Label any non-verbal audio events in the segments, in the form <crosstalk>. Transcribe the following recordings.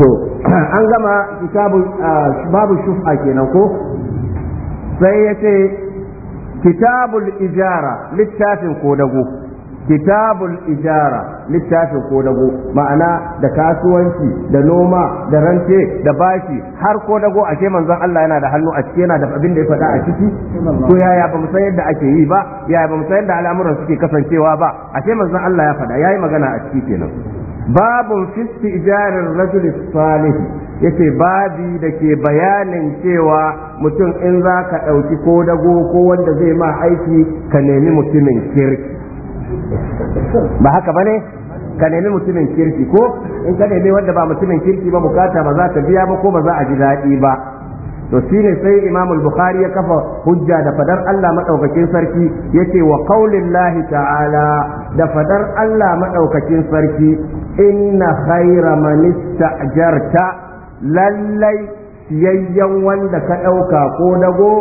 to <clears throat> an gama kitabun babu shufa kenan ko sai ya ce kitabul ijara littafin ko kodago kitabul ijara littafin kodago ma'ana da kasuwanci da noma da rance da bashi har ko kodago ashe manzon Allah yana da hannu a ciki yana da abin da ya faɗa a ciki to yaya ba mu san yadda ake yi ba yaya ba mu san yadda al'amuran suke kasancewa ba ashe manzon Allah ya faɗa yi magana a ciki kenan babun fi ijarar rajul salih yace babi da ke bayanin cewa mutum in za ka ɗauki kodago ko wanda zai ma aiki ka nemi mutumin kirki ba haka bane ka nemi mutumin kirki ko in ka nemi wanda ba mutumin kirki ba bukata ba za ta biya ba ko ba za a ji daɗi ba to shine sai Imamul bukhari ya kafa hujja da fadar Allah madaukakin sarki ya ce wa qaulillahi ta'ala da fadar Allah maɗaukakin sarki inna khaira man jarta lallai siyayyen wanda ka ɗauka ko dago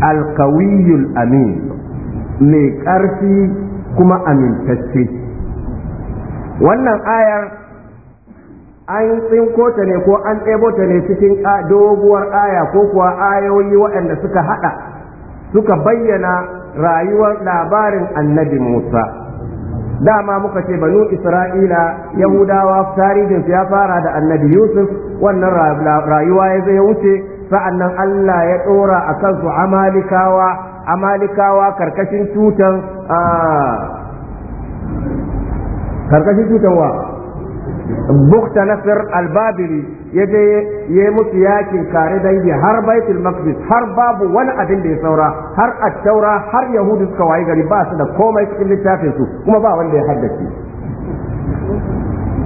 alkawiyul amin mai ƙarfi kuma amintacce wannan ayar an tsinko ta ne ko an ɗebo ta ne cikin doguwar aya ko kuwa ayoyi waɗanda suka haɗa suka bayyana rayuwar labarin annabi musa dama muka ce banu isra'ila yahudawa tarihin ya fara da annabi yusuf wannan rayuwa ya zai wuce sa'annan allah ya ɗora a kansu amalikawa amalikawa karkashin tutan a karkashin tutan wa bukta nasir albabili ya je ya musu yakin kare dangi har baitul maqdis har babu wani abin da ya saura har attaura har yahudu suka wayi gari ba su da komai cikin littafin su kuma ba wanda ya haddace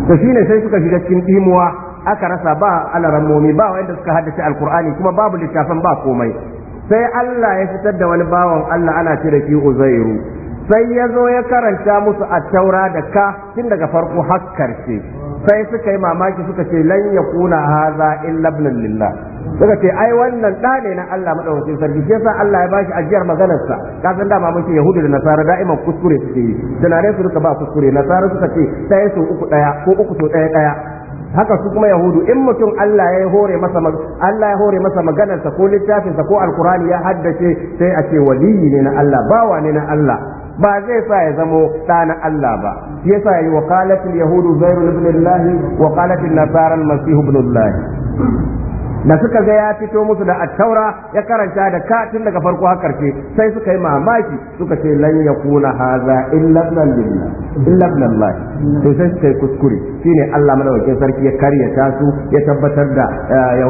to shine sai suka shiga cikin dimuwa aka rasa ba alarammomi ba wanda suka haddace alkur'ani kuma babu littafin ba komai sai Allah ya fitar da wani bawan Allah ana ce da shi Uzairu sai ya zo ya karanta musu a taura da ka tun daga farko har karshe sai suka yi mamaki suka ce lan yakuna haza illa ibn lillah suka ce ai wannan da ne na Allah madaukakin sarki sai sai Allah ya bashi ajiyar maganar sa ka san dama muke yahudu da nasara da'iman kuskure suke yi nare su suka ba kuskure nasara suka ce ɗaya su uku ɗaya ko uku to ɗaya ɗaya haka su kuma yahudu in mutum Allah ya hore masa Allah ya hore masa maganarsa ko littafinsa ko alkurani ya haddace sai a ce waliyi ne na Allah bawa ne na Allah ba zai sa ya zamo ɗa na Allah ba shi yasa yi waqalatul yahudu zairu ibn Allah wa qalatil nasara al-masih ibn Allah da suka ga ya fito musu da attaura ya karanta da ka tun daga farko har karshe sai suka yi mamaki suka ce lan yakuna haza illa ibn billah illa ibn allah to sai suka yi kuskure shine Allah madaukakin sarki ya karyata su ya tabbatar da eh,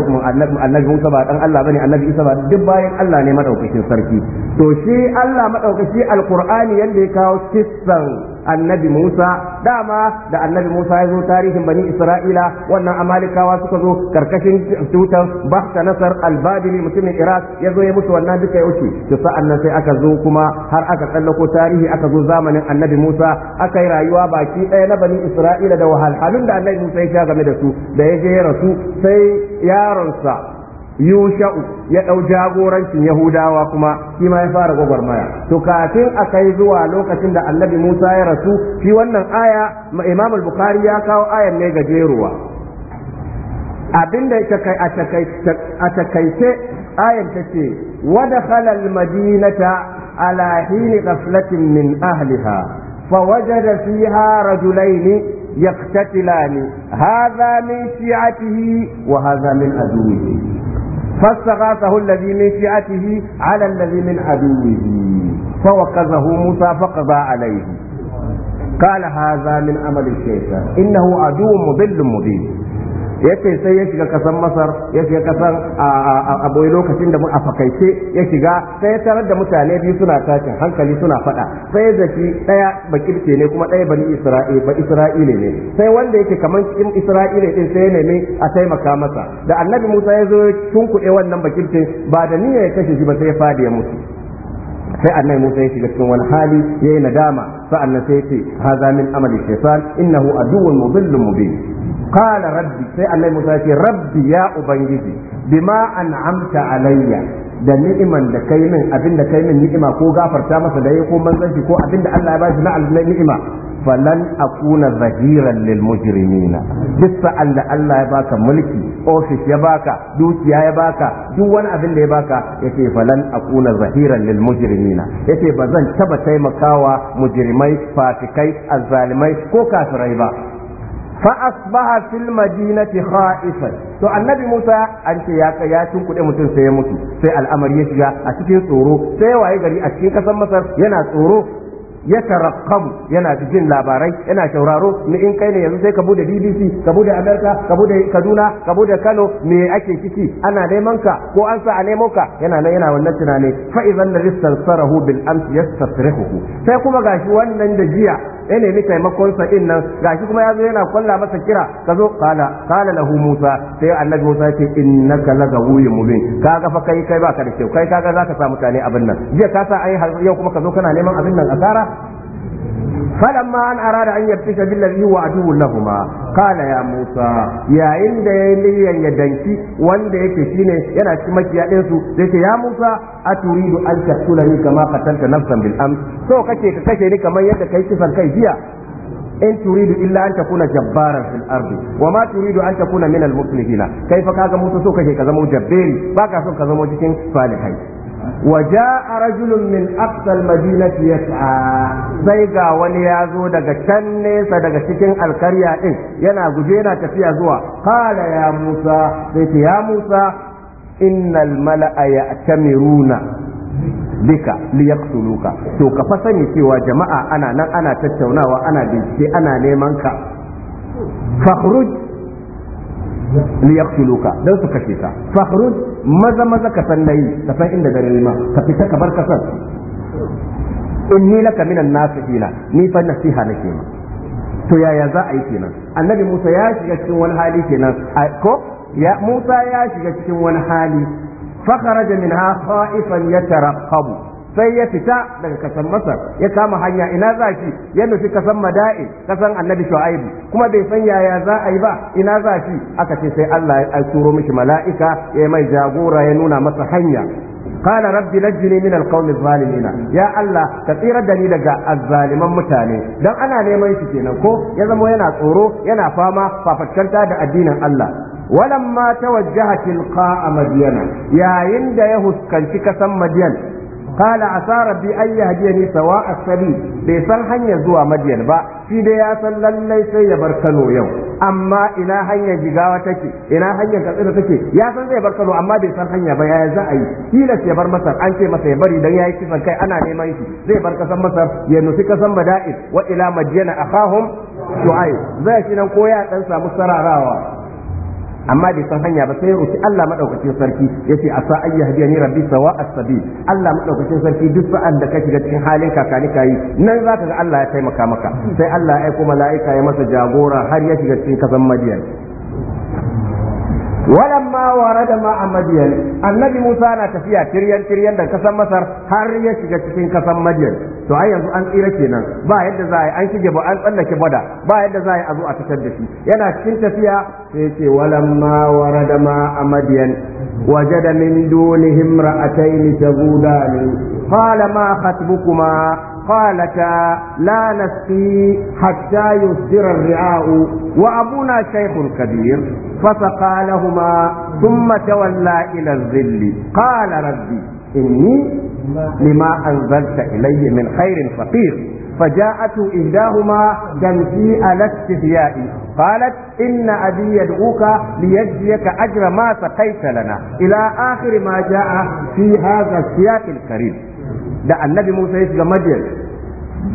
annabi Musa ba dan Allah bane annabi Isa ba duk bayan Allah ne madaukakin sarki to shi Allah madaukaki alqur'ani yanda ya kawo kissan annabi Musa dama da annabi Musa ya zo tarihin bani Isra'ila wannan amalikawa suka zo karkashin tutan Bahta Nasar al-Babili mutumin Iraq ya zo ya mutu wannan duka ya wuce to sa'an nan sai aka zo kuma har aka tsallako tarihi aka zo zamanin annabi Musa aka yi rayuwa baki ɗaya na bani Isra'ila da wahalhalun da annabi Musa ya sha game da su da ya je ya rasu sai yaronsa yusha'u ya ɗau jagorancin yahudawa kuma shi ma ya fara gwagwarmaya to kafin a kai zuwa lokacin da annabi musa ya rasu shi wannan aya imam al-bukhari ya kawo ayan ne ga jeruwa abinda ya kai a takaice ayan ta ce wada halal madinata ala hini ghaflatin min ahliha fa wajada fiha rajulaini yaqtatilani hadha min shi'atihi wa hadha min aduwihi فاستغاثه الذي من شيعته على الذي من عدوه فوقظه موسى فقضى عليه قال هذا من عمل الشيطان انه عدو مضل مبين Ya ce sai ya shiga kasan masar ya shiga kasan a boye lokacin da mu a fakaice ya shiga sai ya tarar da mutane biyu suna tashin hankali suna fada sai ya zaki daya bakirce ne kuma daya bani isra'ila ba isra'ila ne sai wanda yake kaman cikin isra'ila din sai ya nemi a taimaka masa da annabi musa ya zo ya tunkuɗe wannan kirke ba da niyya ya kashe shi ba sai ya fadi ya mutu sai annabi Musa ya shiga cikin wani hali yayi nadama sa'annan sai yace haza min amali shaitan innahu aduwwun mudhillun mubin qala rabbi sai Allah Musa ya ce rabbi ya ubangiji bima an'amta alayya da ni'iman da kai min abin da kai min ni'ima ko gafarta masa da yi ko manzanci ko abin da Allah ya bashi na aljanna ni'ima falan akuna zahiran lil mujrimin duk Allah ya baka mulki ofis ya baka dukiya ya baka duk wani abin da ya baka yace falan akuna zahiran lil mujrimin yace bazan taba taimakawa mujrimai fasikai azzalimai ko kafirai ba fa asbaha fil madinati khaifan to annabi Musa an ce ya ya tunkuɗe mutum sai ya mutu sai al'amari ya shiga a cikin tsoro sai waye gari a cikin kasar Masar yana tsoro ya tarakkabu yana jin labarai yana shauraro ni in kai ne yanzu sai ka bude BBC ka bude America ka bude Kaduna ka bude Kano me ake ciki ana neman ka ko an sa a nemo ka yana nan yana wannan tunani fa idan rizqan bil amsi yastasrihu sai kuma gashi wannan da jiya ya nemi taimakon sa din nan gashi kuma zo yana kwalla masa kira kazo kala qala lahu Musa sai annabi Musa ya ce innaka lagawiyyun mubin kaga fa kai kai baka da kyau kai kaga zaka sa mutane abin nan jiya ka sa ai yau kuma ka zo kana neman abin nan asara Kada ma an ara da hanyar tasha biyar Yuba a dubu na kuma, kala ya Musa, ya inda ya danki wanda ya ke shi yana su makiyansu, zai ya Musa? A Turidu an tattuna ni kama Fatanta na Zambia amsi. So ka ce ni kaman yadda ka yi kai jiya? In Turidu illa an tafuna jabbara sun ardi. Wa ma Turidu an tafuna min al-musni na? fa kaga Musa so kake ka zama jabbari? baka so ka zama cikin falifai. Waje arajulun min aksan madinas ya sa sai ga wani ya zo daga can nesa daga cikin alƙarya din yana guje yana tafiya zuwa kada ya Musa ita ya Musa in nan mala ayi atami To ka fa sani cewa jama'a ana nan ana tattaunawa ana bincike ana neman ka. liyaqtuluka dan su kashe ka fakhruj maza maza ka san nayi ka san inda dare ma ka fita ka bar kasar inni laka minan nasihina ni fa nasiha nake ma to yaya za a yi kenan annabi Musa ya shiga cikin wani hali kenan ko ya Musa ya shiga cikin wani hali fakharaja minha khaifan yatarqabu sai ya fita daga kasan masar ya kama hanya ina za ya nufi kasan mada'i kasan annabi shu'aibu kuma bai san yaya za a yi ba ina za aka ce sai Allah ya turo mishi mala'ika ya mai jagora ya nuna masa hanya قال رب نجني من القوم الظالمين يا الله كثير دني daga azzaliman mutane dan ana neman shi kenan ko ya zama yana tsoro yana fama fafatkanta da addinin Allah walamma tawajjaha a madyana yayin da ya huskanci kasan madyan asarar biyu rabbi an yahdiyani sawa asali bai san hanyar zuwa madyan ba shi dai ya san lallai sai ya bar Kano yau amma ina hanyar jigawa take ina hanyar katsina take ya san zai bar Kano amma bai san hanya ba yaya za a yi tilas ya bar Masar an ce masa ya bari dan yi kisan kai ana neman shi zai bar kasan Masar ya nufi kasan Bada'is wa'ila majiyana a akhahum Shu'aib zai shi nan ko ya dan samu sararawa amma bai san hanya ba sai roki Allah madaukakin sarki yace asa an ni rabbi sawa as sabi Allah madaukakin sarki duk sa'an da ka shiga cikin halin kakani kai nan zaka ga Allah ya taimaka maka sai Allah ya aiko mala'ika ya masa jagora har ya shiga cikin kasan Madiyan walamma warada ma a madiyan annabi musa na tafiya kiryan tiryan da kasan masar har ya shiga cikin kasan madiyan to ai yanzu an tsira kenan ba yadda za a an shige ba an tsallake bada ba yadda za a zo a fitar da shi yana cikin tafiya sai yace ce walamma warada ma a madiyan وجد من دونهم امرأتين تذودان ma ما قالتا لا نسقي حتى يصدر الرعاء وأبونا شيخ كبير فسقى لهما ثم تولى إلى الظل قال ربي إني لما أنزلت إلي من خير فقير فجاءته إحداهما تمشي على استحياء قالت إن أبي يدعوك ليجزيك أجر ما سقيت لنا إلى آخر ما جاء في هذا السياق الكريم da annabi Musa ya shiga Madian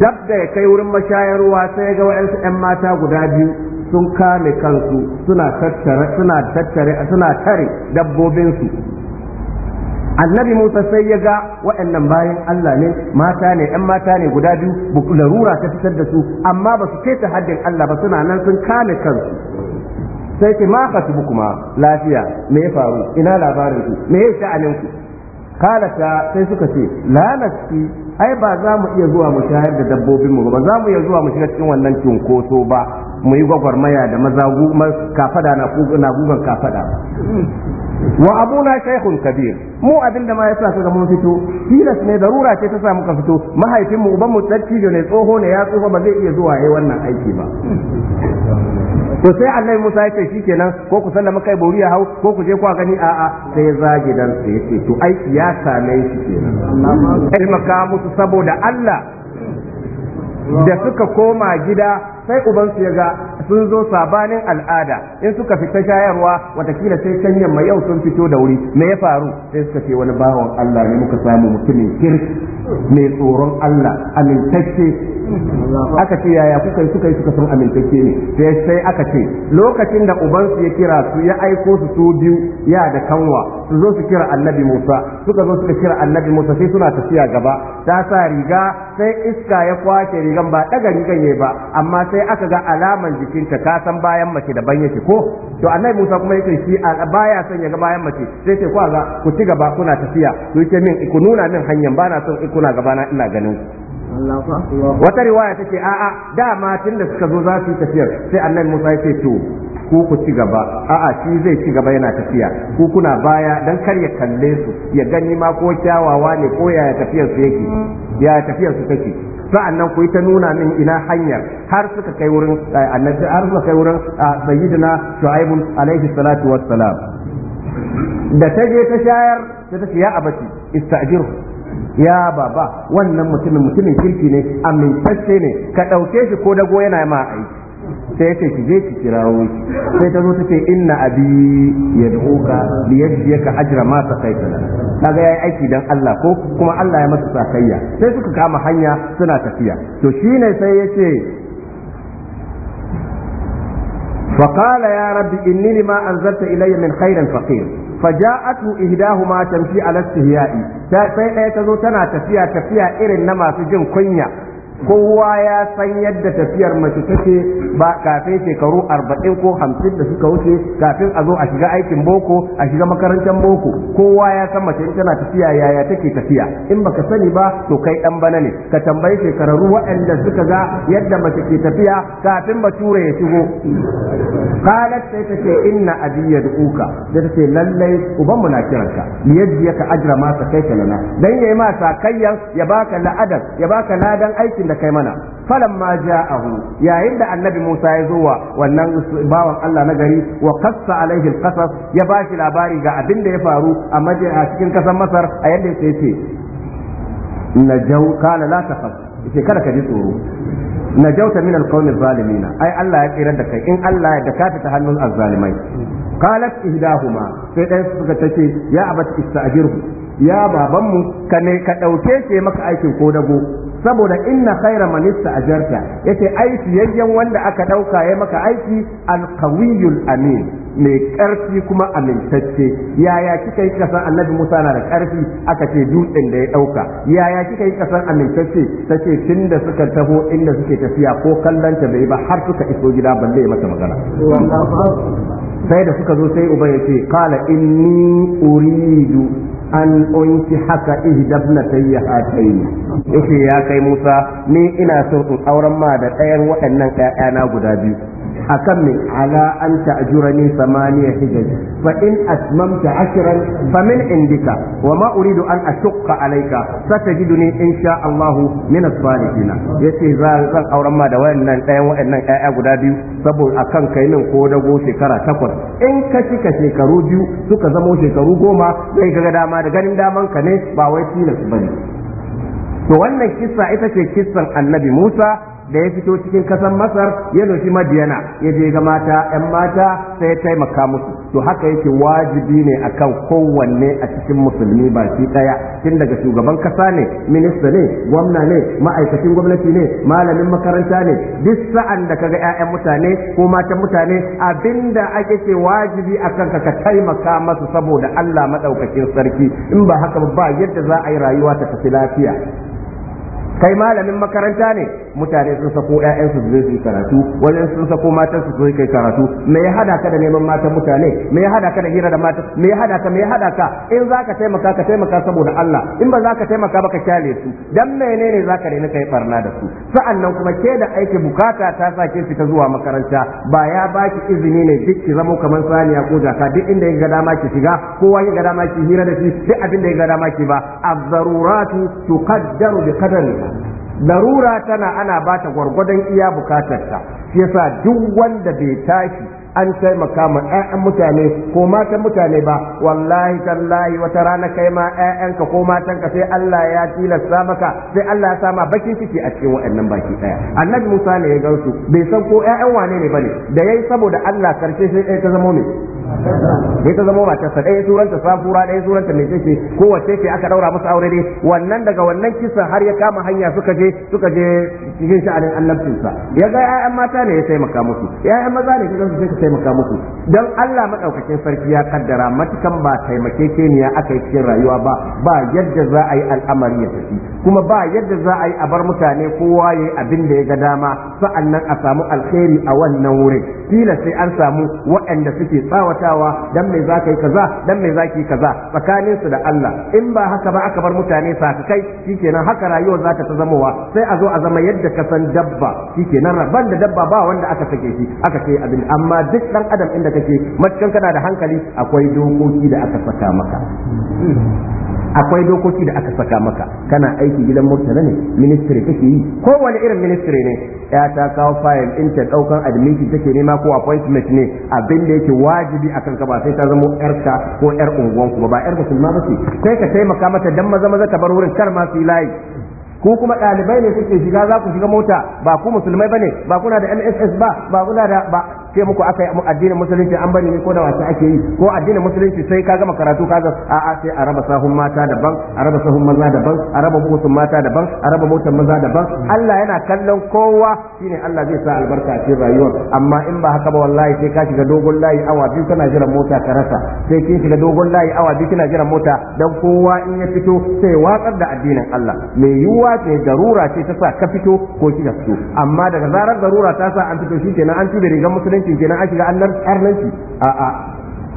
dab da ya kai wurin mashayar ruwa sai ga wa'ansu 'yan mata guda biyu sun kame kansu suna tattare suna tattare suna tare dabbobinsu annabi Musa sai ya ga waɗannan bayan Allah ne mata ne ƴan mata ne guda biyu larura ta fitar da su amma ba su keta haddin Allah ba suna nan sun kame kansu sai ce ma kuma lafiya me ya faru ina labarin ku me ya sha'anin ku kalata sai suka ce lalaci ai ba za mu iya zuwa mu shayar da dabbobinmu ba za mu iya zuwa mu shiga cikin wannan cunkoso ba mu yi gwagwarmaya da maza kafada na gugan kafada wa abu na shaykhun kabir mu abin da ma yasa kaga mun fito tilas ne darura ce ta sa muka fito mahaifinmu mu dattijo mu ne tsoho ne ya tsufa ba zai iya zuwa yi wannan aiki ba to sai Allah Musa ya ce shikenan ko ku sallama kai bauri ya hau ko ku je ku gani a a sai zage dan su yace to ai ya same shi kenan Allah maka musu saboda Allah da suka koma gida sai ubansu ya ga sun zo sabanin al'ada in suka fita shayarwa watakila sai can yamma yau sun fito da wuri me ya faru sai suka ce wani bawan Allah ne muka samu mutumin kirki mai tsoron Allah amintacce aka ce yaya kuka yi suka yi suka san amintacce ne sai sai aka ce lokacin da ubansu ya kira su ya aiko su su biyu ya da kanwa su zo su kira annabi Musa suka zo suka kira annabi Musa sai suna tafiya gaba ta sa riga sai iska ya kwace rigan ba daga rigan yayi ba amma sai aka ga alaman jikinta ka san bayan mace da ban yake ko to annabi Musa kuma yake shi a baya son ya ga bayan mace sai ce ku ga ku ci gaba kuna tafiya ku yake min ku nuna min hanyar bana son ikuna gaba na ina ganin ku wata riwaya take a'a dama tun da suka zo za su yi tafiyar sai annabi Musa ya ce to ku ku ci gaba a'a shi zai ci gaba yana tafiya ku kuna baya dan kar ya kalle su ya gani ma ko kyawawa ne ko yaya tafiyar su yake ya tafiyar su take sa'annan ku yi ta nuna min ina hanyar har suka kai wurin eh, annabi har suka kai wurin ah, sayyidina Shu'aib alaihi salatu wassalam da ta je ta shayar ta ce ya abati istajiru ya baba wannan mutumin mutumin kirki ne amintacce ne ka ɗauke shi ko dago yana ma aiki sai ya ce ki je ki kirawo shi sai ta zo ta ce inna abi ya duka li ka ajra ma Na ga ya yayi aiki dan Allah ko kuma Allah ya masa sakayya sai suka kama hanya suna tafiya to shine sai ya ce فقال ya rabbi إني لما أنزلت ilayya min خير فقير faja'atu ihdahuma tamshi ala istihya'i sai ɗaya ta zo tana tafiya tafiya irin na masu jin kunya kowa ya san yadda tafiyar mace take ba kafin shekaru arba'in ko hamsin da suka wuce kafin a zo a shiga aikin boko a shiga makarantar boko kowa ya san mace tana tafiya yaya take tafiya in baka sani ba to kai dan bana ne ka tambayi shekaru waɗanda suka ga yadda mace ke tafiya kafin bature ya shigo qalat sai ta ce inna abi yad'uka da ta ce lallai uban mu na kiranka yadda ka ajra ma sakai lana dan yayi ma sakayyan ya baka la'adan ya baka ladan aikin da da kai mana falamma ja'ahu yayin da annabi Musa ya zo wa wannan bawan Allah na gari wa qassa alaihi alqasas ya bashi labari ga abin da ya faru a maje a cikin kasar Masar a yadda ya na najau kana la takhaf ce, kada ka ji tsoro najauta min alqawmi zalimina ai Allah ya tsira da kai in Allah ya daka ta hannun azzalimai qalat ihdahuma sai dai suka tace ya abati ista'jirhu ya babanmu ka ne ka ɗauke shi maka aikin ko dago saboda inna khaira man ista'jarta yace aiki yayyan wanda aka dauka yayi maka aiki alqawiyul amin mai karfi kuma amintacce yaya kika yi kasan annabi Musa na da karfi aka ce dutsen da ya dauka yaya kika yi kasan amintacce tace tunda suka taho inda suke tafiya ko kallanta bai ba har suka iso gida balle ya mata magana sai da suka zo sai uba ya ce qala inni uridu an unki haka ihdabna tayya hatayn yace ya kai Musa ni ina so in auren ma da ɗayan waɗannan ƴaƴana guda biyu akan mai ala an ta'jurani samaniya hijaj fa in atmamta ashran fa min indika wa ma uridu an ashqa alayka satajiduni insha Allah min as-salihin yace zan auren ma da wayannan ɗayan wayannan ƴaƴa guda biyu saboda akan kai min ko dago shekara takwas in ka cika shekaru biyu suka zamo shekaru goma sai kaga dama da ganin daman ka ne ba wai tilas bane to wannan kissa ita ce kissan annabi Musa da ya fito cikin kasan masar ya nufi madiyana ya je ga mata yan mata sai ya taimaka musu to haka yake wajibi ne akan kowanne a cikin musulmi ba baki ɗaya. tun daga shugaban kasa ne minista ne gwamna ne ma'aikacin gwamnati ne malamin makaranta ne duk sa'an da kaga 'ya'yan mutane ko matan mutane abinda ake ce wajibi a ka ka taimaka masu saboda Allah madaukakin sarki in ba haka ba yadda za a yi rayuwa ta tafi lafiya kai malamin makaranta ne mutane sun sako ƴaƴansu su zai su karatu wajen sun sako matan su su kai karatu me ya hada ka da neman matan mutane me ya hada ka da hira da mata me ya hada ka me ya hada ka in zaka taimaka ka taimaka saboda Allah in ba ka taimaka ba ka kyale su dan menene zaka daina kai barna da su sa'annan kuma ke da aiki bukata ta sake ki ta zuwa makaranta ba ya baki izini ne duk ki zamo kamar saniya ko jaka duk inda ya ga dama ki shiga kowa ya ga dama ki hira da shi duk abin da ya ga dama ki ba az-zaruratu tuqaddaru da larura tana ana bata gwargwadon iya bukatarta yasa duk wanda bai tashi an taimaka ma 'ya'yan mutane ko matan mutane ba wallahi tallahi wata rana kai ma 'ya'yanka ko matanka sai Allah ya tilasta maka sai Allah ya sama bakin ciki a cikin waɗannan baki ɗaya annabi Musa ne ya gansu bai san ko 'ya'yan wane ne bane da yayi saboda Allah karshe sai ɗaya ta zamo ne sai ta zama matarsa ɗaya suranta safura ɗaya suranta mai ce kowace ce aka ɗaura masa aure ne wannan daga wannan kisan har ya kama hanya suka je suka je cikin sha'anin annabcinsa ya ga 'ya'yan mata ne ya taimaka musu 'ya'yan maza ne suka taimaka musu don Allah maɗaukakin sarki ya kaddara matukan ba taimake taimakekeniya aka yi cikin rayuwa ba ba yadda za a yi al'amari ya tafi kuma ba yadda za a yi a bar mutane kowa ya yi abin da ya ga dama nan a samu alheri a wannan wurin kila sai an samu waɗanda suke tsawatawa dan mai za ka yi kaza dan mai za ki yi kaza tsakanin su da Allah in ba haka ba aka bar mutane sakakai shikenan haka rayuwar za ta zama wa sai a zo a zama yadda ka san dabba shikenan rabban da dabba ba wanda aka sake shi aka ce abin amma duk dan adam inda kake matukan kana da hankali akwai dokoki da aka saka maka akwai dokoki da aka saka maka kana aiki gidan murtala ne ministry kake yi kowane irin ministry ne ya ta kawo fayil in ta daukan admission take nema ko appointment ne abin da yake wajibi akan ka ba sai ta zama ka ko yar unguwan ku ba yar musulma ba ce sai ka taimaka mata dan maza maza ta bar wurin kar ma su yi layi ko kuma ɗalibai ne suke shiga za ku shiga mota ba ku musulmai bane ba kuna da mss ba ba kuna da ba ce muku aka yi addinin musulunci an bani ne ko da wasu ake yi ko addinin musulunci sai ka gama karatu ka a a sai a raba sahun mata daban a raba sahun maza daban a raba motsin mata daban a raba motan maza daban Allah yana kallon kowa shine Allah zai sa albarka a cikin rayuwar amma in ba haka ba wallahi sai ka shiga dogon layi awa biyu kana jiran mota ka rasa sai kin shiga dogon layi awa biyu kina jiran mota dan kowa in ya fito sai watsar da addinin Allah me yiwuwa ce darura ce ta sa ka fito ko kika fito amma daga zarar darura ta sa an fito shi kenan an tuba rigar musulunci musulunci kenan an shiga arnanci a'a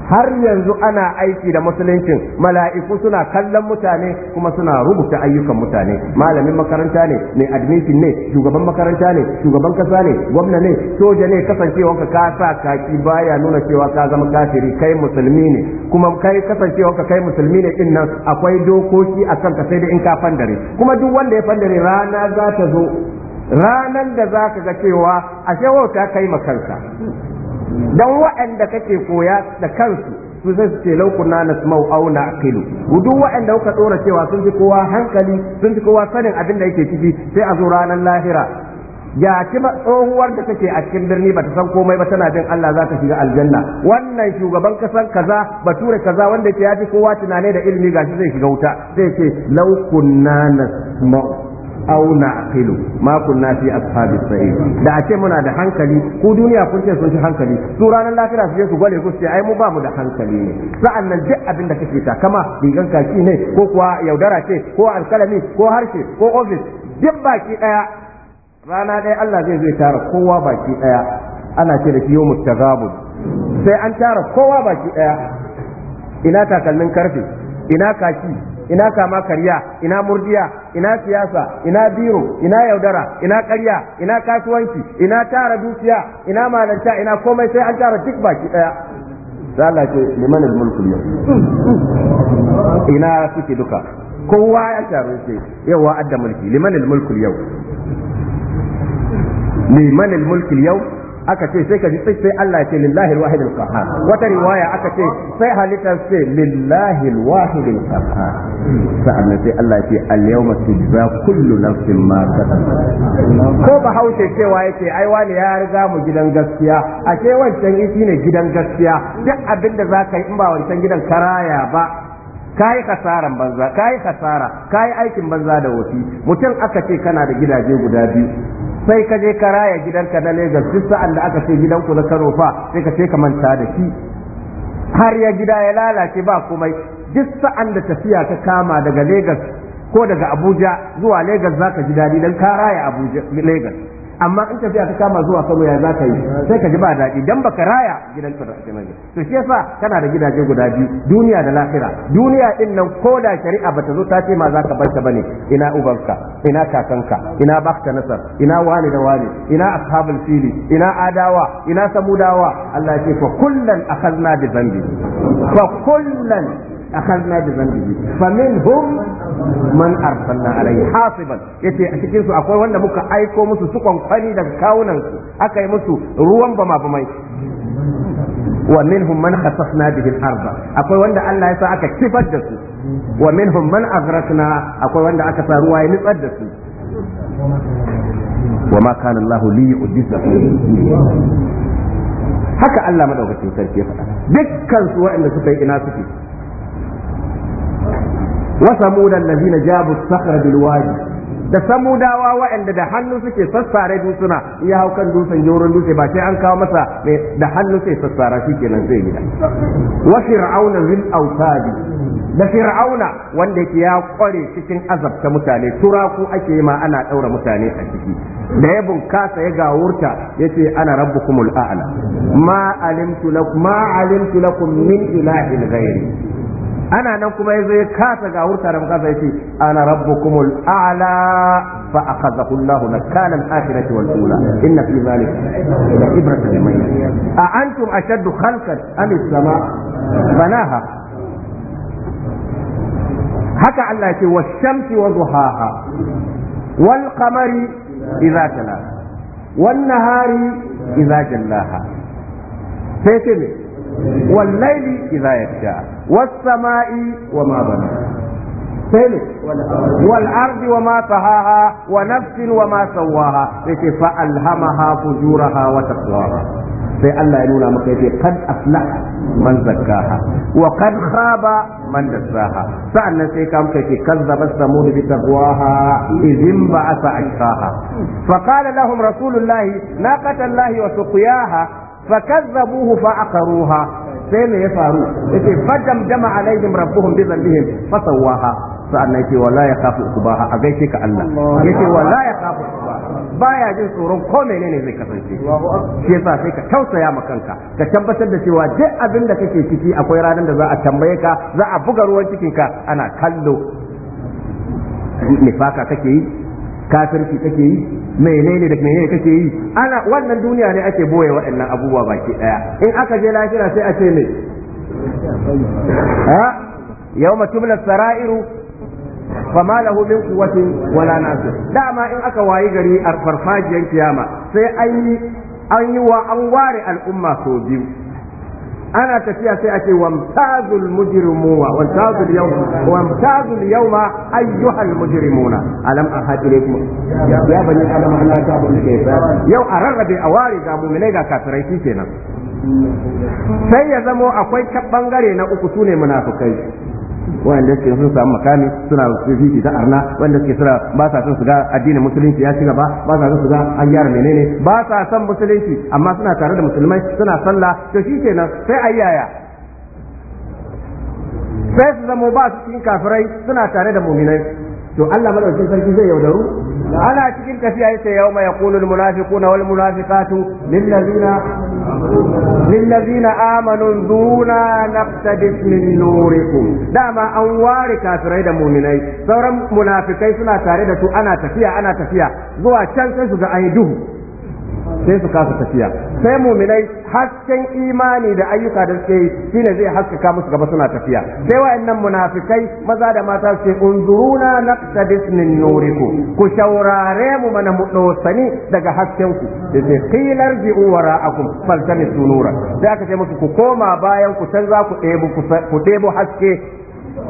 har yanzu ana aiki da musuluncin mala'iku suna kallon mutane kuma suna rubuta ayyukan mutane malamin makaranta ne mai admission ne shugaban makaranta ne shugaban kasa ne gwamna ne soja ne kasancewanka ka sa kaki baya nuna cewa ka zama kafiri kai musulmi ne kuma kai kasancewanka kai musulmi ne din nan akwai dokoki akan ka sai da in ka fandare kuma duk wanda ya fandare rana za ta zo ranan da za ka ga cewa ashe ta kai ma don dan waɗanda kake koya da kansu su zai su ce laukuna na su auna na akilu duk waɗanda kuka tsora cewa sun fi kowa hankali sun fi kowa sanin abin da yake ciki sai a zo ranar lahira ya ci tsohuwar da take a cikin birni bata san komai ba tana jin Allah za ta shiga aljanna wannan shugaban kasan kaza bature kaza wanda ke yafi kowa tunane da ilimi gashi zai shiga wuta zai ce laukuna na nasma'u na naqilu ma kunna fi ashabis sa'id da a muna da hankali Ko duniya kun ce sun ci hankali su ranar lafiya su je su gwale ku ce ai mu ba mu da hankali ne sa'an nan duk abin da kake ta kama rigan kaki ne ko kuwa yaudara ce ko alkalami ko harshe ko ofis duk baki daya rana ɗaya Allah zai zai tara kowa baki daya ana ce da yau mustagabun sai an tara kowa baki daya ina takalmin karfe ina kaki ina kama karya ina murdiya ina siyasa ina biro ina yaudara ina karya ina kasuwanci ina tara dukiya ina malanta ina komai sai an tara duk baki daya zalla ce liman mulku yau ina suke duka kowa ya taru ce yawa adda mulki liman mulku yau liman mulki yau aka ce sai ka ji sai Allah ya ce lillahi alwahid alqahar wata riwaya aka ce sai Halitta ce lillahi alwahid alqahar sa'annan sai Allah ya ce al-yawma tujza kullu nafsin ma kasabat ko ba haushe cewa yake ai wani ya riga mu gidan gaskiya ce wancan ne gidan gaskiya duk abin da zaka yi in ba wancan gidan karaya ba kai kasaran banza kai kasara kai aikin banza da wofi mutum aka ce kana da gidaje guda biyu sai ka je ka raya gidanka na Legas duk sa'an da aka ce gidanku na Kano fa sai ka ce ka manta da shi har ya gida ya lalace ba komai duk sa'an da tafiya ka kama daga Legas ko daga Abuja zuwa Legas zaka ji dadi dan ka raya Abuja Legas amma in tafiya ta kama zuwa Kano ya za ka yi sai ka ji ba daɗi dan baka raya gidan ka to shi yasa kana da gidaje guda biyu duniya da lafira. duniya din nan ko da shari'a bata zo ta ce ma za ka bar ta bane ina ubanka ina kakanka ina bakta nasar ina wani da wani ina ashabul fili ina adawa ina samudawa Allah ya ce fa kullan akhadna bi dhanbi fa kullan akhadna bi dhanbi fa minhum man arsalna alaihi hasiban yace a cikin su akwai wanda muka aiko musu su kwankwani daga kawunan su aka yi musu ruwan bama bamai wa minhum man khasafna bihi al-ardh akwai wanda Allah ya sa aka kifar da su wa minhum man aghraqna akwai wanda aka sa ruwa ya nutsar da su wa ma kana Allah li yu'jizahu haka Allah madaukakin sarki ya faɗa dukkan su waɗanda suka yi ina suke wa samudan allazina jabu sakhra bil wadi da samudawa waɗanda da hannu suke sassare dutsuna ya hau kan dutsen yoron dutse ba sai an kawo masa da hannu sai sassara shi kenan zai gida wa fir'auna zil autadi da fir'auna wanda yake ya kware cikin azabta mutane turaku ake ma ana daura mutane a ciki da ya bunkasa ya gawurta yace ana rabbukumul a'la ma alimtu lakum ma alimtu lakum min ilahin ghairi ana nan kuma ya zai kasa ga hurta da mukasa yace ana rabu kuma ba a kaza. akhadhahu na nakala al-akhirati wal ula inna fi dhalik la ibratan liman a antum ashaddu khalqan am as-sama banaha haka Allah yace wash-shamsi wa duhaha wal qamari idza talaha wan nahari iza jallaha sai ce wallaili idza yaksha والسماء وما بناها ثالث والأرض وما طهاها ونفس وما سواها يتي فألهمها فجورها وتقواها sai Allah ya nuna maka yace kad aflaha man zakkaha wa kad khaba man dassaha sa'annan sai ka muka yace kazzaba samud bi taqwaha idhim ba'atha ashqaha fa qala lahum rasulullahi naqata allahi wa suqiyaha فكذبوه فعقروها sai me ya faru yace fadam dama alaihim rabbuhum bi dhanbihim fasawaha sa'annan yace wala yakhafu subaha a gaishe ka Allah yace wala yakhafu baya jin tsoron ko menene zai kasance shi yasa sai ka tausaya ma kanka ka tabbatar da cewa duk abin da kake ciki akwai ranar da za a tambaye ka za a buga ruwan cikin ka ana kallo nifaka kake yi kafirci kake yi menene da menene kake yi ana wannan duniya ne ake boye waɗannan abubuwa baki daya in aka je lafiya sai a ce me ha yawma tumla sara'iru fama lahu min quwwatin wala nasir dama in aka wayi gari a farfajiyar kiyama sai an yi an yi wa an ware al'umma sau biyu ana tafiya sai ake wamtazul mujrimuna wamtazul yawma wamtazul yawma ayyuhal mujrimuna alam ahad ilaykum ya bani adam ana ta abun yau a rarrabe a ware ga mu'minai ga kafirai shikenan sai ya zamo akwai bangare na uku sune munafikai wanda suke sun samu makami suna fifi ta arna wanda suke suna ba sa son su ga addinin musulunci ya ci gaba ba sa son su ga an gyara menene ba sa son musulunci amma suna tare da musulmai suna sallah to shikenan sai a yaya sai su zamo ba su cikin kafirai suna tare da muminai to Allah madaukakin sarki zai yaudaru ana cikin tafiya yace yawma yaqulu almunafiquna wal munafiqatu lillazina amanu dhuna naqtadis min nurikum dama an ware kafirai da mu'minai sauran munafikai suna tare da su ana tafiya ana tafiya zuwa can sai su ga ayi duhu sai su kasa tafiya sai muminai hasken imani da ayyuka da suke yi shine zai haskaka musu gaba suna tafiya sai wayannan munafikai maza da mata su unzuruna naqtadis min nuriku ku shaurare mu mana mu dosani daga hasken ku da sai qilar ji'u wara'akum faltamisu sunura. sai aka ce musu ku koma bayan ku canza ku ku ɗebo haske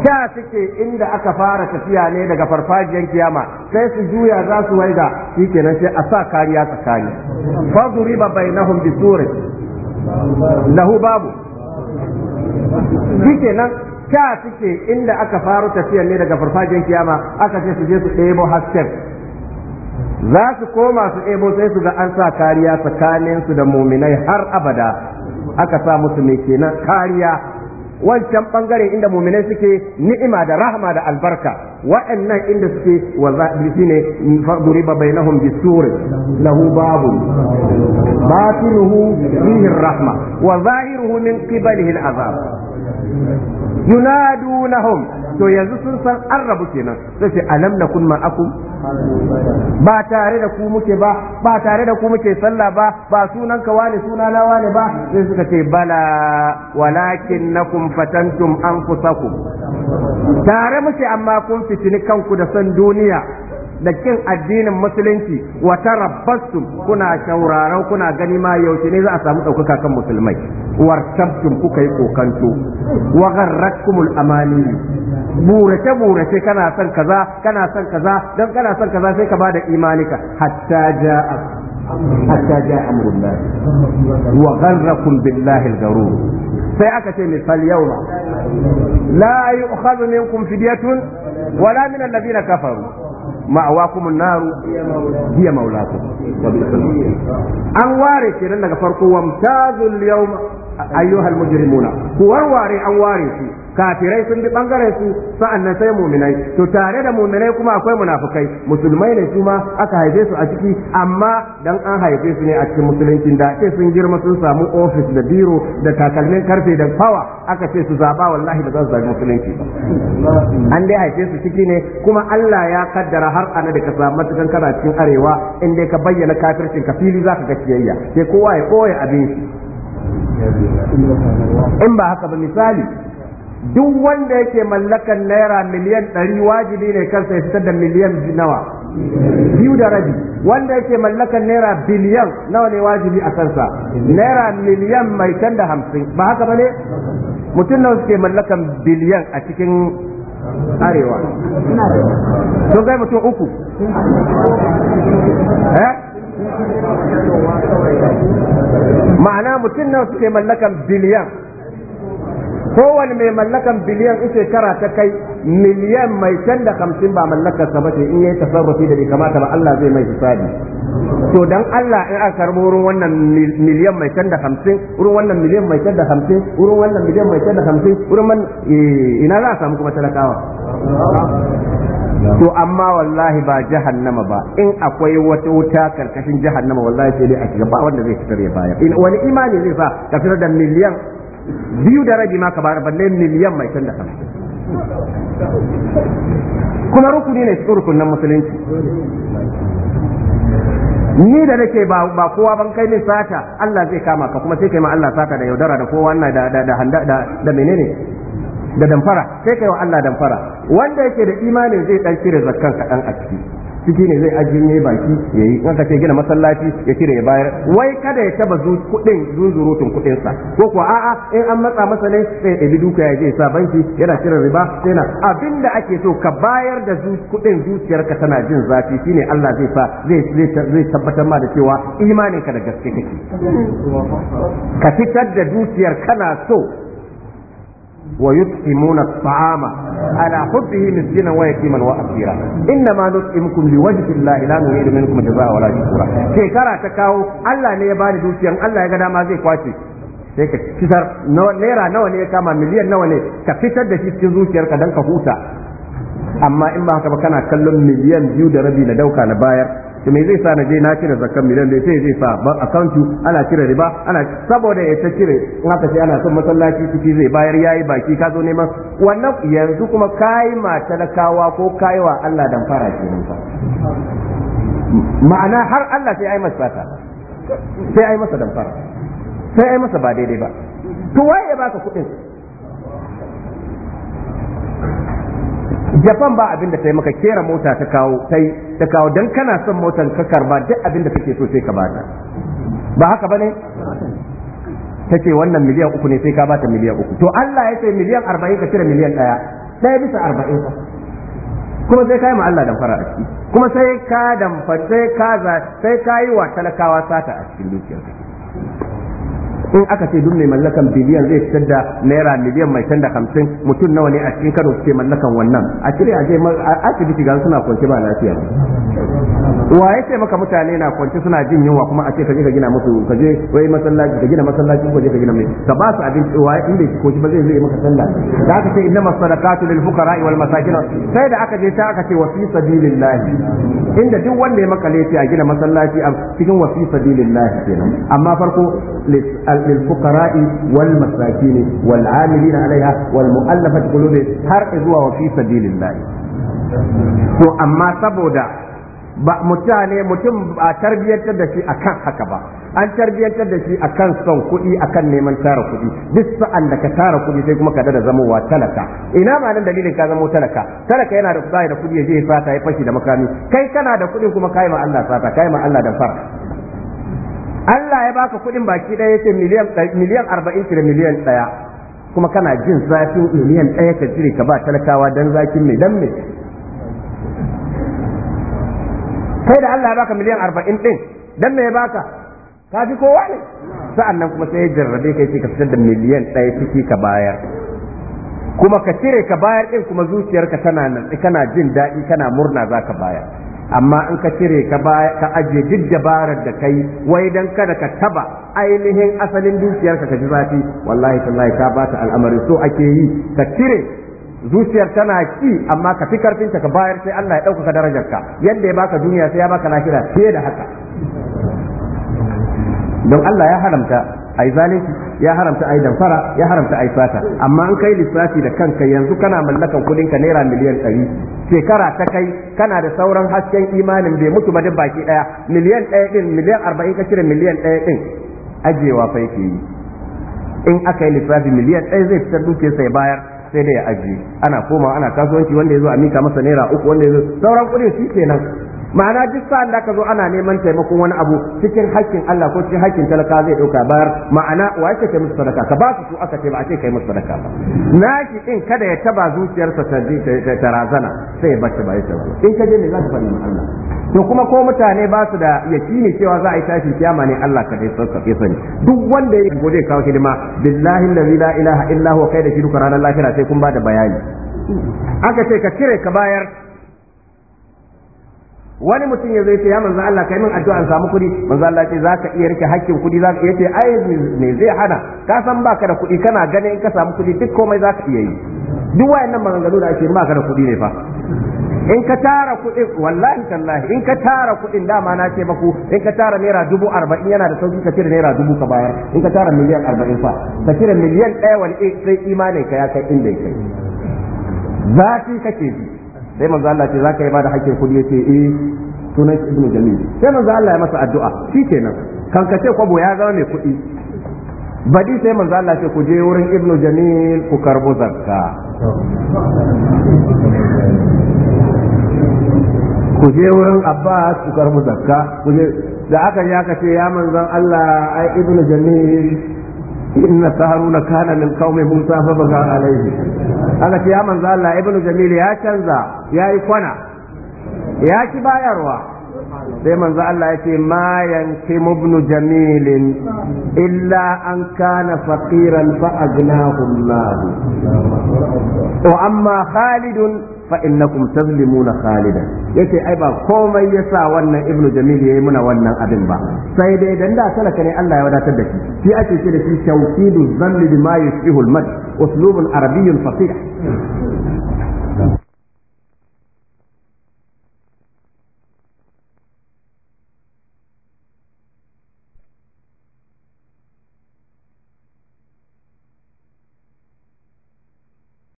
da suke inda aka fara tafiya ne daga farfajiyar kiyama sai su juya za su waiga shi kenan sai a sa kariya tsakani fadu riba bai na bi sure lahu babu shi kenan da suke inda aka fara tafiya ne daga farfajiyar kiyama aka ce su je su ɗebo hasken za su koma su ɗebo sai su ga an sa kariya tsakaninsu da muminai har abada aka sa musu mai kenan kariya wancan bangare inda muminai suke ni'ima da rahama da albarka wa'annan inda suke wazabi shine duriba bainahum bisur lahu babu batinuhu fihi rahma wa zahiruhu min qibalihi al'azab yunadunahum to yanzu sun san an rabu kenan sai ce alam nakun ma'akum ba tare da ku muke ba ba tare da ku muke sallah ba ba sunan ka wani suna na wani ba sai suka ce bala walakin nakum fatantum anfusakum tare muke amma kun fitini kanku da san duniya da kin addinin musulunci wa tarabbastum kuna shauraron kuna gani ma yaushe ne za a samu ɗaukaka kan musulmai wartabtum kuka yi kokanto wa gharratkumul amani burace burace kana son kaza kana son kaza dan kana son kaza sai ka bada imanika hatta ja'a hatta ja'a amrullah wa gharrakum billahi al-gharur sai aka ce misal yawma la yu'khadhu minkum fidyatun wala min alladhina kafaru ma'awakum an-nar hiya maulakum an ware kenan daga farko wamtazul yawma ayyuhal mujrimuna ku warware an ware su kafirai sun bi bangaren su sa'annan sai muminai to tare da muminai kuma akwai munafukai musulmai ne kuma aka haife su a ciki amma dan an haife su ne a cikin musulunci da ke sun girma sun samu ofis da biro da takalmin karfe da power aka ce su zaba wallahi ba za su zabi musulunci an dai haife su ciki ne kuma Allah ya kaddara har ana da ka samu matukan kana cikin arewa in dai ka bayyana kafircin ka fili zaka ga kiyayya sai kowa ya koya abin in ba haka ba misali duk wanda yake mallakan naira miliyan ɗari wajibi ne kansa ya fitar da miliyan nawa biyu da rabi wanda yake mallakan naira biliyan nawa ne wajibi a kansa naira miliyan mai can da hamsin ba haka ba ne mutum nawa suke mallakan biliyan a cikin arewa sun kai mutum uku eh? ma'ana mutum nan suke mallakan biliyan kowane mai mallakan biliyan in shekara ta kai miliyan mai can da hamsin ba mallakar sa bace in yayi tasarrufi da bai kamata ba Allah zai mai hisabi to dan Allah in aka karbo wurin wannan miliyan mai can da hamsin wurin wannan miliyan mai can da hamsin wurin wannan miliyan mai can da hamsin wurin man eh, ina za a samu kuma talakawa to amma wallahi ba jahannama ba in akwai wata wuta karkashin jahannama wallahi sai dai a shiga ba wanda zai fitar ya baya. in wani imani zai sa ka fitar da miliyan biyu da rabi ma ka bayar balle miliyan mai tunda da kuma rukuni ne cikin rukunin musulunci ni da nake ba ba kowa ban kai min sata Allah zai kama ka kuma sai kai ma Allah sata da yaudara da kowa na da da da da menene da damfara sai kai wa Allah damfara wanda yake da imanin zai dan cire zakkan kaɗan a ciki ciki ne zai ajiye baki ya yi wanda ce gina masallaci ya cire ya bayar wai kada ya taba kudin zuzurutun kudin sa ko kuwa a'a in an matsa masa ne sai ya ɗabi duka ya je sa banki yana cire riba sai na abinda ake so ka bayar da zu kudin zuciyarka tana jin zafi shine Allah zai sa zai tabbatar ma da cewa imanin ka da gaske kake ka fitar da zuciyar kana so ويطعمون الطعام على حبه مسكينا ويتيما واسيرا انما نطعمكم لوجه الله لا نريد منكم جزاء ولا شكورا ta تكاو الله ne ya bani dukiyan Allah ya ga dama zai kwace sai ka fitar naira nawa ne ya kama miliyan nawa ne ka fitar da shi cikin zuciyarka dan ka huta amma in ba haka ba kana kallon miliyan biyu da rabi na dauka na bayar to me zai sa na je na cire zakkan miliyan da sai zai sa ba akauntu ana cire riba ana saboda ya ta cire in aka ce ana son masallaci ciki zai bayar yayi baki ka zo neman wannan yanzu kuma kai ma talakawa ko kai wa Allah dan fara kenan fa ma'ana har Allah sai ai masa fata sai ai masa dan fara sai ai masa ba daidai ba to waye ba baka kuɗin japan ba abin da ta yi maka kera mota ta kawo ta yi ta kawo dan kana son motar ka karba duk abin da kake so sai ka bata ba haka ba ne? ta ce wannan miliyan uku ne sai ka bata miliyan uku to Allah ya ce miliyan arba'in ka cire miliyan ɗaya ɗaya bisa arba'in kuma sai ka yi ma Allah damfara a ciki kuma sai ka damfa sai ka za sai ka yi wa talakawa sata a cikin dukiyarka in aka ce duk mai mallakan biliyan zai fitar da naira miliyan mai da hamsin mutum nawa ne a cikin kano suke mallakan wannan a cire a je asibiti gan suna kwance ba lafiya wa ya ce maka mutane na kwance suna jin yunwa kuma a ce ka je ka gina musu ka je wai masallaci ka gina masallaci ko je ka gina mai ka ba su abinci wa in bai ci shi ba zai zai maka sallah da aka ce inna masadaqatu lil fuqara wal masakin sai da aka je ta aka ce wasi fi sabilillah inda duk wanda ya maka laifi a gina masallaci a cikin wasi fi sabilillah kenan amma farko للفقراء والمساكين والعاملين عليها والمؤلفة قلوبهم هر إذوا وفي سبيل الله to amma saboda ba mutane mutum ba tarbiyyantar da shi akan haka ba an tarbiyyantar da shi akan son kuɗi akan neman tara kuɗi duk sa'an da ka tara kuɗi sai kuma ka da zamowa talaka ina ma nan dalilin ka zamo talaka talaka yana da kuɗi da kuɗi ya je ya sata ya fashi da makami kai kana da kuɗi kuma kai ma Allah sata kai ma Allah da far Allah ya baka kuɗin baki ɗaya yake miliyan miliyan arba'in da miliyan ɗaya kuma kana jin zafin miliyan ɗaya ka cire ka ba talakawa dan zakin mai dan me kai da Allah ya baka miliyan arba'in ɗin dan me ya baka ka fi kowa ne Sa'annan kuma sai ya jarrabe kai ce ka fitar da miliyan ɗaya ciki ka bayar kuma ka cire ka bayar ɗin kuma zuciyarka tana nan kana jin daɗi kana murna za ka bayar amma in ka cire ka ka aje duk dabarar da kai wai dan kada ka taba ainihin asalin dukiyar ka ji zafi wallahi tallahi ka ta al'amari so ake yi ka cire zuciyar tana ki amma ka fi karfin ka bayar sai Allah ya ɗaukaka darajarka yadda ya baka duniya sai ya baka lahira fiye da haka don Allah ya haramta ai zalunci ya haramta ai damfara ya haramta ai fata amma an kai lissafi da kanka yanzu kana mallakan kudin ka naira miliyan 100 shekara ta kai kana da sauran hasken imanin bai mutu ba duk baki daya miliyan 1 din miliyan 40 ka cire miliyan 1 din ajewa fa yake yi in aka yi lissafi miliyan 1 zai fitar duke sai bayar sai da ya ajiye ana koma ana kasuwanci wanda ya zo a mika masa naira uku wanda ya zo sauran kudin shi kenan ma'ana duk sa'an da ka zo ana neman taimakon wani abu cikin hakkin Allah ko cikin hakkin talaka zai dauka bayar ma'ana wa yake kai musu sadaka ka ba su su aka ce ba a ce kai musu sadaka ba Na shi din kada ya taba zuciyarsa ta ta razana sai ya bace ba ya in ka je ne za ka fadi Allah to kuma ko mutane ba su da yakini cewa za a yi tashin kiyama ne Allah ka dai sauka ya sani duk wanda ya gode kawo hidima billahi la ilaha illa huwa kai da shi duka ranar lahira sai kun ba da bayani aka ce ka cire ka bayar wani mutum ya zai ce ya manzo Allah kai min addu'a samu kuɗi manzo Allah ce zaka iya rike hakkin kuɗi zaka iya ce ai me zai hana ka san baka da kuɗi kana ganin in ka samu kuɗi duk komai zaka iya yi duk wayannan maganganu da ake ka da kuɗi ne fa in ka tara kuɗin wallahi tallahi in ka tara kuɗin dama na ce maku in ka tara naira dubu arba'in yana da sauki ka cire naira dubu ka bayar in ka tara miliyan arba'in fa ka cire miliyan ɗaya wani sai imanin ka ya kai inda ya kai zafi kake bi sai manzo Allah ce zaka yi ba da hakkin kuɗi ce eh sunan ibnu jamil sai manzo Allah ya masa addu'a kenan, kan ka ce kwabo ya zama mai kuɗi Badi sai manzo Allah ce ku je wurin ibn jamil ku karbo zakka ku je wurin abbas ku karbu zakka ku je da aka ya aka ce ya manzon Allah ai ibnu jamil inna saharuna kana min qaumi musa fa baga alaihi aka ce ya manzon Allah ibnu jamil ya canza ya yi kwana ya ki bayarwa sai manzo Allah ya ce ma yanki ibnu jamil illa an kana faqiran fa agnahu Allah wa amma khalidun fa innakum tazlimuna khalidan yace ai ba komai yasa wannan ibnu jamil yayi muna wannan abin ba sai dai dan da talaka ne Allah ya wadatar da shi shi ake ce da shi tawkidu zanni bima yashihu al-mad uslubun arabiyyun fasih